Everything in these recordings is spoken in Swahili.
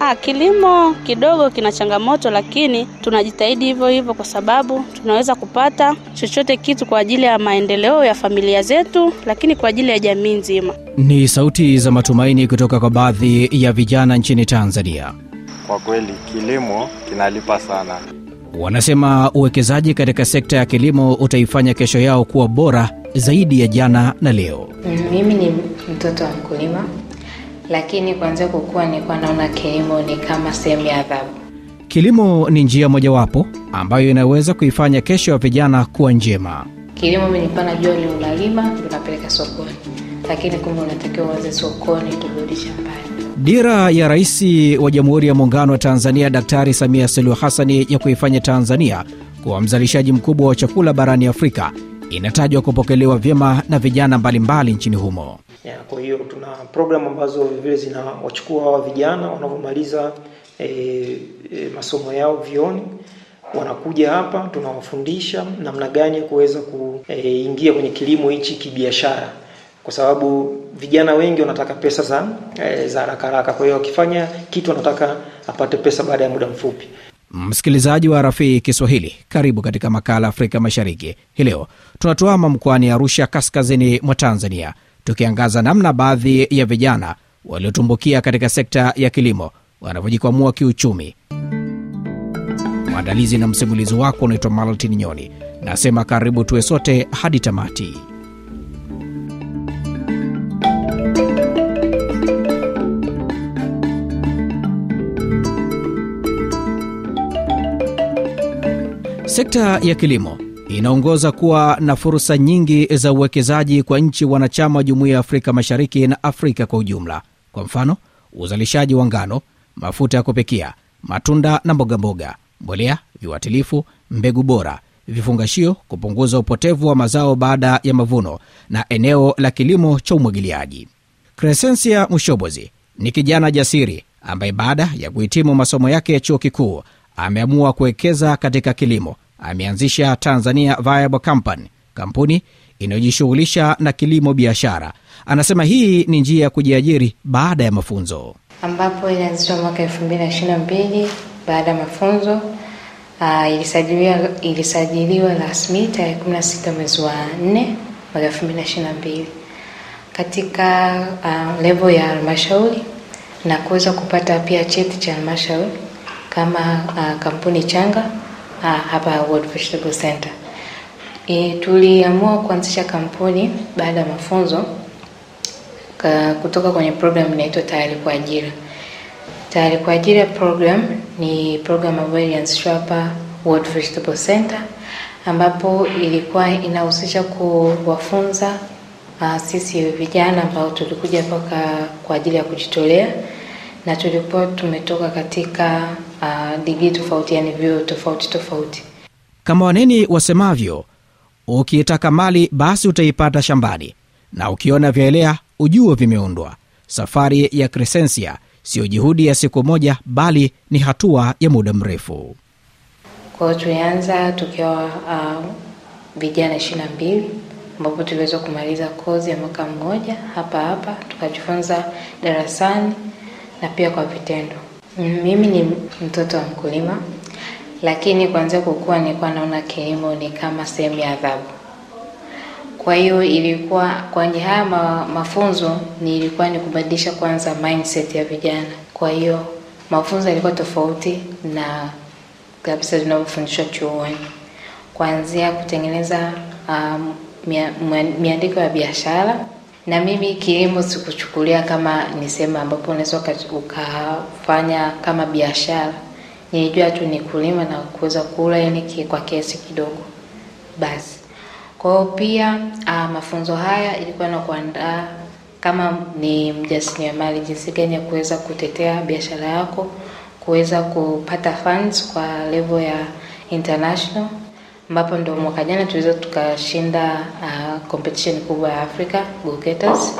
Ah, kilimo kidogo kina changamoto, lakini tunajitahidi hivyo hivyo, kwa sababu tunaweza kupata chochote kitu kwa ajili ya maendeleo ya familia zetu, lakini kwa ajili ya jamii nzima. Ni sauti za matumaini kutoka kwa baadhi ya vijana nchini Tanzania. Kwa kweli kilimo kinalipa sana. Wanasema uwekezaji katika sekta ya kilimo utaifanya kesho yao kuwa bora zaidi ya jana na leo. Mimi ni mtoto wa mkulima, lakini kuanzia kukua nilikuwa naona kilimo ni kama sehemu ya adhabu. Kilimo ni njia mojawapo ambayo inaweza kuifanya kesho ya vijana kuwa njema. Kilimo mimi najua ni unalima unapeleka sokoni, lakini kumbe unatakiwa uanze sokoni, turudi mbali Dira ya Rais wa Jamhuri ya Muungano wa Tanzania Daktari Samia Suluhu hasani ya kuifanya Tanzania kuwa mzalishaji mkubwa wa chakula barani Afrika inatajwa kupokelewa vyema na vijana mbalimbali nchini humo. Yeah, kwa hiyo tuna programu ambazo vilevile zinawachukua hawa vijana wanavyomaliza e, e, masomo yao vioni wanakuja hapa tunawafundisha namna gani ya kuweza kuingia e, kwenye kilimo hichi kibiashara kwa sababu vijana wengi wanataka pesa za e, za haraka haraka. Kwa hiyo akifanya kitu anataka apate pesa baada ya muda mfupi. Msikilizaji wa Rafii Kiswahili, karibu katika makala Afrika Mashariki. Hii leo tunatuama mkoani Arusha, kaskazini mwa Tanzania, tukiangaza namna baadhi ya vijana waliotumbukia katika sekta ya kilimo wanavyojikwamua kiuchumi. Mwandalizi na msimulizi wako unaitwa Maltin Nyoni, nasema karibu tuwe sote hadi tamati. Sekta ya kilimo inaongoza kuwa na fursa nyingi za uwekezaji kwa nchi wanachama wa Jumuiya ya Afrika Mashariki na Afrika kwa ujumla. Kwa mfano, uzalishaji wa ngano, mafuta ya kupikia, matunda na mbogamboga, mbolea, viuatilifu, mbegu bora, vifungashio, kupunguza upotevu wa mazao baada ya mavuno na eneo la kilimo cha umwagiliaji. Crescencia Mushobozi ni kijana jasiri ambaye baada ya kuhitimu masomo yake ya chuo kikuu ameamua kuwekeza katika kilimo. Ameanzisha Tanzania Viable Company, kampuni inayojishughulisha na kilimo biashara. Anasema hii ni njia ya kujiajiri baada ya mafunzo, ambapo ilianzishwa mwaka elfu mbili na ishirini na mbili baada ya mafunzo. Uh, ilisajiliwa, rasmi tarehe kumi na sita mwezi wa nne mwaka elfu mbili na mbili katika uh, ah, levo ya halmashauri na kuweza kupata pia cheti cha halmashauri kama uh, kampuni changa uh, hapa World Vegetable Center. E, tuliamua kuanzisha kampuni baada ya mafunzo ka, kutoka kwenye program inaitwa Tayari kwa Ajira. Tayari kwa Ajira program ni program ambayo ilianzishwa hapa World Vegetable Center ambapo ilikuwa inahusisha kuwafunza uh, sisi vijana ambao tulikuja hapa kwa ajili ya kujitolea na tulikuwa tumetoka katika uh, digrii tofauti, yani vyuo tofauti tofauti. Kama waneni wasemavyo, ukiitaka mali basi utaipata shambani, na ukiona vyaelea ujuo vimeundwa. Safari ya kresensia siyo juhudi ya siku moja, bali ni hatua ya muda mrefu. kwao tulianza tukiwa uh, vijana uh, na mbili ambapo tuliweza kumaliza kozi ya mwaka mmoja hapa hapa, tukajifunza darasani na pia kwa vitendo. Mimi ni mtoto wa mkulima, lakini kuanzia kukua nilikuwa naona kilimo ni kama sehemu ya adhabu. Kwa hiyo ilikuwa kwenye haya ma, mafunzo nilikuwa ni kubadilisha kwanza mindset ya vijana. Kwa hiyo mafunzo yalikuwa tofauti na kabisa tunavyofundishwa chuoni, kuanzia kutengeneza um, miandiko mia ya biashara na mimi kilimo sikuchukulia kama ni sehemu ambapo unaweza ukafanya kama biashara. Nilijua tu ni kulima na kuweza kula, yani kwa kiasi kidogo basi. Kwa hiyo pia a, ah, mafunzo haya ilikuwa na kuandaa kama ni mjasiriamali, jinsi gani ya kuweza kutetea biashara yako, kuweza kupata funds kwa level ya international ambapo ndo mwaka jana tuliweza tukashinda uh, competition kubwa ya Afrika Go Getters.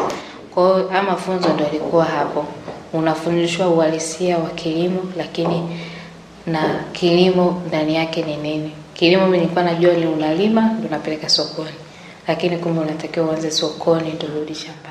Kwa hiyo haya mafunzo ndo yalikuwa hapo, unafundishwa uhalisia wa kilimo, lakini na kilimo ndani yake ni nini. Kilimo mimi nilikuwa najua ni unalima ndo unapeleka sokoni, lakini kumbe unatakiwa uanze sokoni ndo urudi shambani.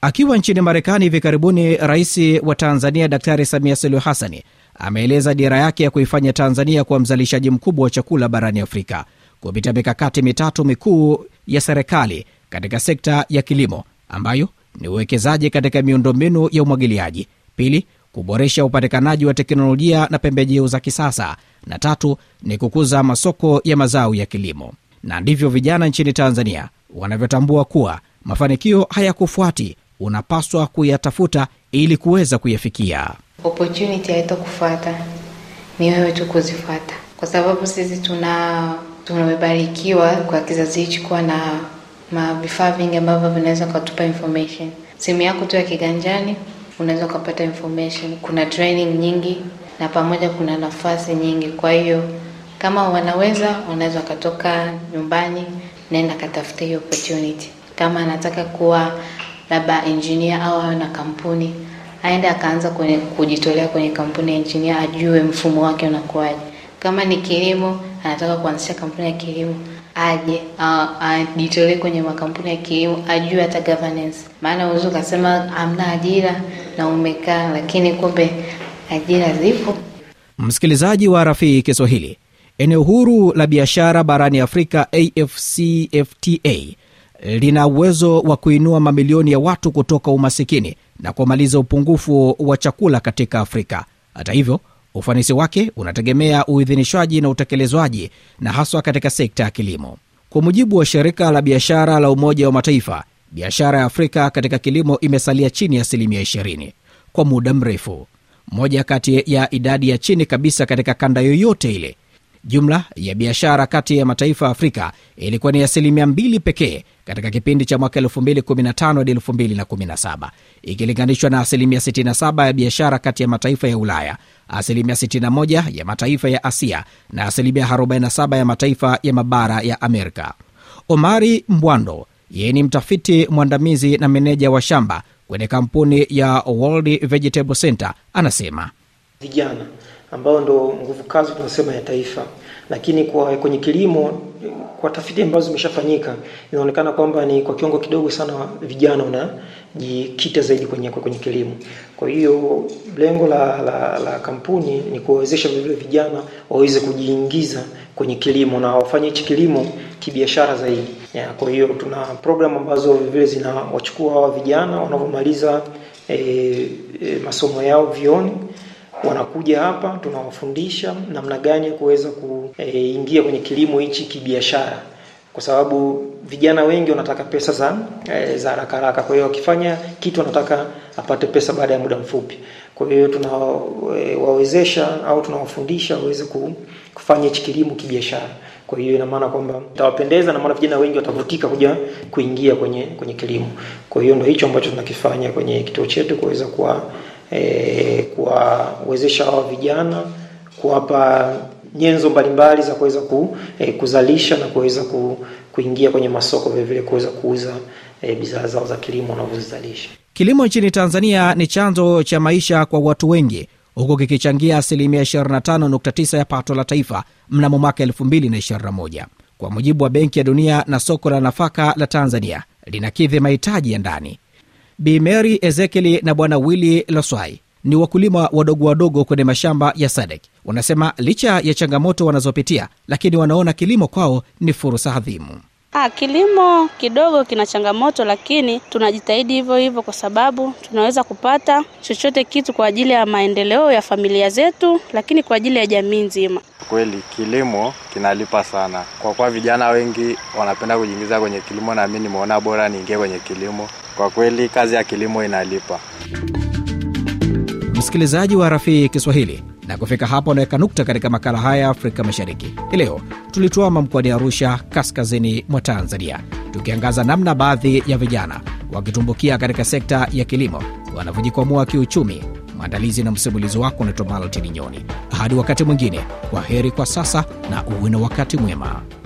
Akiwa nchini Marekani hivi karibuni, Rais wa Tanzania Daktari Samia Suluhu Hassani ameeleza dira yake ya kuifanya Tanzania kuwa mzalishaji mkubwa wa chakula barani Afrika kupitia mikakati mitatu mikuu ya serikali katika sekta ya kilimo ambayo ni uwekezaji katika miundombinu ya umwagiliaji; pili, kuboresha upatikanaji wa teknolojia na pembejeo za kisasa; na tatu, ni kukuza masoko ya mazao ya kilimo. Na ndivyo vijana nchini Tanzania wanavyotambua kuwa mafanikio hayakufuati, unapaswa kuyatafuta ili kuweza kuyafikia opportunity haitokufuata, ni wewe tu kuzifuata, kwa sababu sisi tuna tumebarikiwa kwa kizazi hichi kuwa na vifaa vingi ambavyo vinaweza kutupa information. Simu yako tu ya kiganjani unaweza ukapata information. Kuna training nyingi na pamoja kuna nafasi nyingi, kwa hiyo kama wanaweza wanaweza wakatoka nyumbani, naenda katafuta hiyo opportunity. Kama anataka kuwa labda engineer au awe na kampuni aende akaanza kwenye, kujitolea kwenye kampuni ya engineer ajue mfumo wake unakuwaje. Kama ni kilimo anataka kuanzisha kampuni ya kilimo aje ajitolee kwenye makampuni ya kilimo ajue hata governance, maana unaweza ukasema hamna ajira na umekaa, lakini kumbe ajira zipo. Msikilizaji wa Rafii Kiswahili, eneo huru la biashara barani Afrika, AfCFTA lina uwezo wa kuinua mamilioni ya watu kutoka umasikini na kumaliza upungufu wa chakula katika Afrika. Hata hivyo, ufanisi wake unategemea uidhinishwaji na utekelezwaji, na haswa katika sekta ya kilimo. Kwa mujibu wa shirika la biashara la Umoja wa Mataifa, biashara ya Afrika katika kilimo imesalia chini ya asilimia 20 kwa muda mrefu, moja kati ya idadi ya chini kabisa katika kanda yoyote ile. Jumla ya biashara kati ya mataifa ya Afrika ilikuwa ni asilimia 2 pekee katika kipindi cha mwaka 215217 ikilinganishwa na asilimia 67 ya biashara kati ya mataifa ya Ulaya, asilimia 61 ya mataifa ya Asia na asilimia 47 ya mataifa ya mabara ya Amerika. Omari Mbwando yeye ni mtafiti mwandamizi na meneja wa shamba kwenye kampuni ya World Vegetable Center anasema vijana ambayo ndo nguvu kazi tunasema ya taifa. Lakini kwa kwenye kilimo, kwa tafiti ambazo zimeshafanyika, inaonekana kwamba ni kwa kiwango kidogo sana vijana wanajikita zaidi kwenye, kwenye kilimo. Kwa hiyo lengo la, la, la kampuni ni kuwawezesha vile vijana waweze kujiingiza kwenye kilimo na wafanye hichi kilimo kibiashara zaidi. Ya, kwa hiyo tuna programu ambazo vile zinawachukua hawa vijana wanavyomaliza e, e, masomo yao vioni wanakuja hapa, tunawafundisha namna gani ya kuweza kuingia eh, e, kwenye kilimo hichi kibiashara, kwa sababu vijana wengi wanataka pesa za e, za haraka haraka. Kwa hiyo wakifanya kitu wanataka apate pesa baada ya muda mfupi. Kwa hiyo tunawawezesha eh, e, au tunawafundisha waweze kufanya hichi kilimo kibiashara. Kwa hiyo ina maana kwamba itawapendeza na maana vijana wengi watavutika kuja kuingia kwenye kwenye kilimo. Kwa hiyo ndio hicho ambacho tunakifanya kwenye kituo chetu kuweza kuwa e, kuwawezesha hawa vijana kuwapa nyenzo mbalimbali za kuweza ku, e, kuzalisha na kuweza ku, kuingia kwenye masoko vilevile kuweza kuuza e, bidhaa zao za kilimo wanavyozizalisha. Kilimo nchini Tanzania ni chanzo cha maisha kwa watu wengi huku kikichangia asilimia 25.9 ya pato la taifa mnamo mwaka 2021 kwa mujibu wa Benki ya Dunia, na soko la nafaka la Tanzania linakidhi mahitaji ya ndani Bi Mary na Bwana Willi Loswai ni wakulima wadogo wadogo kwenye mashamba ya Sadek. Wanasema licha ya changamoto wanazopitia, lakini wanaona kilimo kwao ni fursa adhimu. Ha, ah, kilimo kidogo kina changamoto, lakini tunajitahidi hivyo hivyo, kwa sababu tunaweza kupata chochote kitu kwa ajili ya maendeleo ya familia zetu, lakini kwa ajili ya jamii nzima. Kweli kilimo kinalipa sana, kwa kuwa vijana wengi wanapenda kujiingiza kwenye kilimo, na mimi nimeona bora niingie kwenye kilimo kwa kweli kazi ya kilimo inalipa. Msikilizaji wa Rafii Kiswahili, na kufika hapo anaweka nukta katika makala haya ya Afrika Mashariki hii leo. Tulituama mkoani Arusha, kaskazini mwa Tanzania, tukiangaza namna baadhi ya vijana wakitumbukia katika sekta ya kilimo wanavyojikwamua kiuchumi. Maandalizi na msimulizi wako unaitwa Maltininyoni. Hadi wakati mwingine, kwa heri kwa sasa na uwe na wakati mwema.